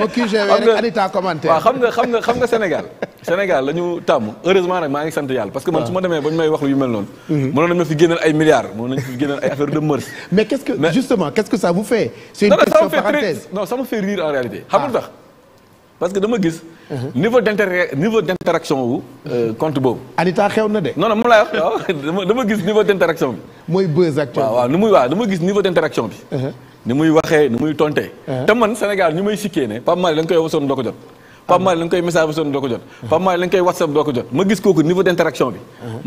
ma QG rek Anita commentaire. waaw xam nga xam nga xam nga Sénégal Sénégal la ñu tàmm heureusement nag maa ngi sant yàlla parce que man su ma demee ba ñu may wax lu yu mel noonu. Mhm. mënoon nañu ma fi génneel ay milliards mënoon nañu fi génneel ay affaire de mœurs. mais qu'est-ce que justement qu'est-ce que ça vous fait. c'est une question parenthèse non ça me fait rire en réalité. xam nga ah. tax parce que dama gis. Mhm. niveau d'intérêt niveau d'interaction wu. Euh, compte boobu. Anita xew na de. non non moom laa wax dama dama gis niveau d'interaction bi. mooy buzz actuellement waaw waaw nu muy waaw dama gis niveau d'interaction bi. Uh-huh. ni muy waxee ni muy tontee uh-huh. te man Sénégal ñu may sikkee ne Pape Malick da koy wasoon doo ko jot uh-huh. Pape Malick da koy message wasoon doo ko jot uh-huh. Pape Malick da koy whatsapp doo ko jot ma gis kooku niveau d' bi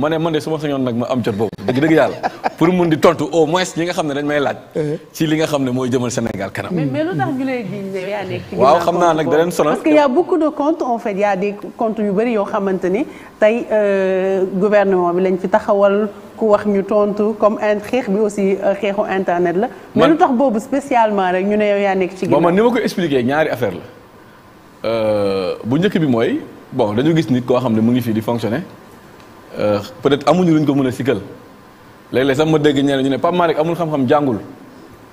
ma ne man de su ma sañoon nag ma am jot boobu dëgg dëgg yàlla pour mun di tontu au moins ñi nga xamné dañ may laaj. Eh. ci li nga xamné moy jëmeul Sénégal kanam. mais mais lu tax ñu lay jiñ ya nek waaw xamna nak nag da leen sonal. parce que y' a beaucoup de comptes en fait il y' a des comptes yu bari yo xamanteni tay euh gouvernement bi lañ fi taxawal ku wax ñu tontu comme un xeex bi aussi euh, xeexu internet la. mais lu tax boobu spécialement rek ñu né yow yaa nekk ci. ginnaaw bon man ni ma ko expliquer ñaari affaire la euh bu njëkk bi moy bon dañu gis nit ko xamné mu ngi fi di fonctionner euh peut-être amuñu luñ ko mëna a léeg-léeg sax ma dégg ñeneen ñu ne Pape Malick amul xam-xam jàngul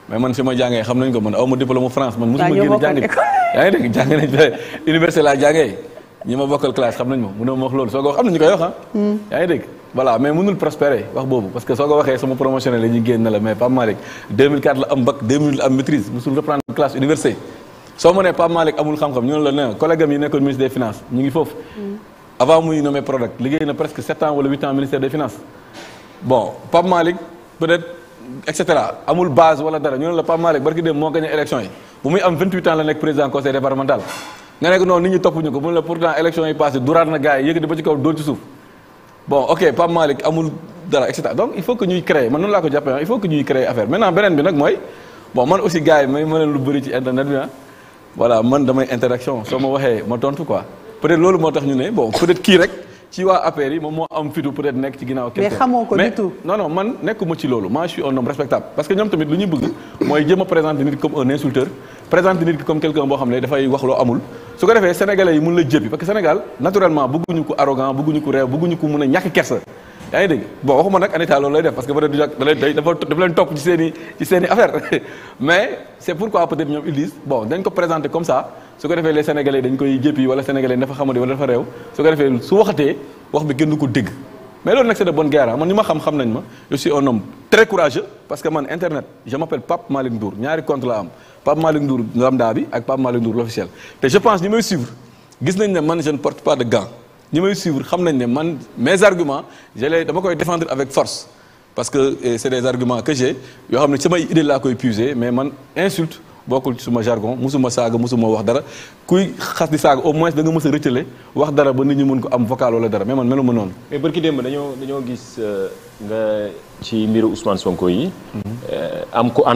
mais man si ma jàngee xam nañ ko man aw diplôme France man mosuma génn jàng yaa ngi dégg jàng nañ université laa jàngee ñi ma bokkal classe xam nañ ma mënoo ma wax loolu soo ko wax am nañu koy wax ah hmm. yaa ngi dégg voilà mais mënul prospérer wax boobu parce que soo ko waxee sama promotionnel la ñuy génn na la mais Pape Malick 2004 la am bac 2000 la am maîtrise mosul reprendre classe université soo ma nee Pape Malick amul xam-xam ñu ne la ne collègue am yi nekkoon ministre des finances ñu ngi foofu hmm. avant muy nommé product liggéey na presque 7 ans wala 8 ans ministère des finances bon Pape Malik, peut-être etc. cetera amul base wala dara ñu ne la Pape Malik, barki dem a gagné élection yi bu muy am 28 ans la nekk président conseil départemental nga nekk non, nit ñi topp ñu ko mu pourtant élection yi passé duraat na gars il y ba ci kaw dóor ci suuf bon ok Pape malik, amul dara et cetera donc il faut que nous créer man noonu laa ko jàppee hein, il faut que ñuy créer affaire maintenant beneen bi moi, bon moi aussi gars moi, may ma leen lu bëri ci internet bi ah voilà man damay interaction soo ma ma tontu quoi peut-être loolu moo ñu ne bon peut-être kii rek ci affaire yi moom am fitu peut être nek ci ginaaw kenn mais xamoo du tout non non man nekuma ci lolu moi je suis un homme respectable parce que ñom tamit lu ñu bëgg moy jëma présenter nit comme un insulteur présenter nit comme quelqu'un bo xamné da fay wax lo amul su ko defee sénégalais yi mën la jëppi parce que Sénégal naturellement bëgguñu ko arrogant bëgguñu ko réew bëgguñu ko mëna ñak kersa yaa ngi dégg bon waxuma nag Anita loolu lay def parce que peut-être du da day dafa dafa leen topp ci seen i ci seen i affaire mais c'est pourquoi peut-être ñoom ils disent bon dañ ko présenter comme ça su ko defee les sénégalais dañ koy jéppi wala sénégalais dafa xamadi wala dafa réew su ko defee su waxatee wax bi gën ko dégg mais loolu nag c'est de bonne guerre ah, man ñi ma xam xam nañ ma je suis un homme très courageux parce que man internet je m'appelle Pape Malick Ndour ñaari compte la am Pape Malick Ndour lambda bi ak Pape Malick Ndour l'officiel te je pense ñi may suivre gis nañ ne man je ne porte pas de gants ñi may suivre xam nañ ne man mes arguments je les dama koy défendre avec force parce que c'est des arguments que j'ai yoo xam ne samay idée laa koy puiser mais man insulte bokkul ci suma jargon musuma saaga musuma wax dara kuy xas di saaga au moins da nga mës a rëccale wax dara ba nit ñi mën ko am vocal wala dara mais man meluma noonu. mais barki démb dañoo dañoo gis euh, nga ci mbiru Ousmane Sonko yi. Mhm. Euh, am ko ànd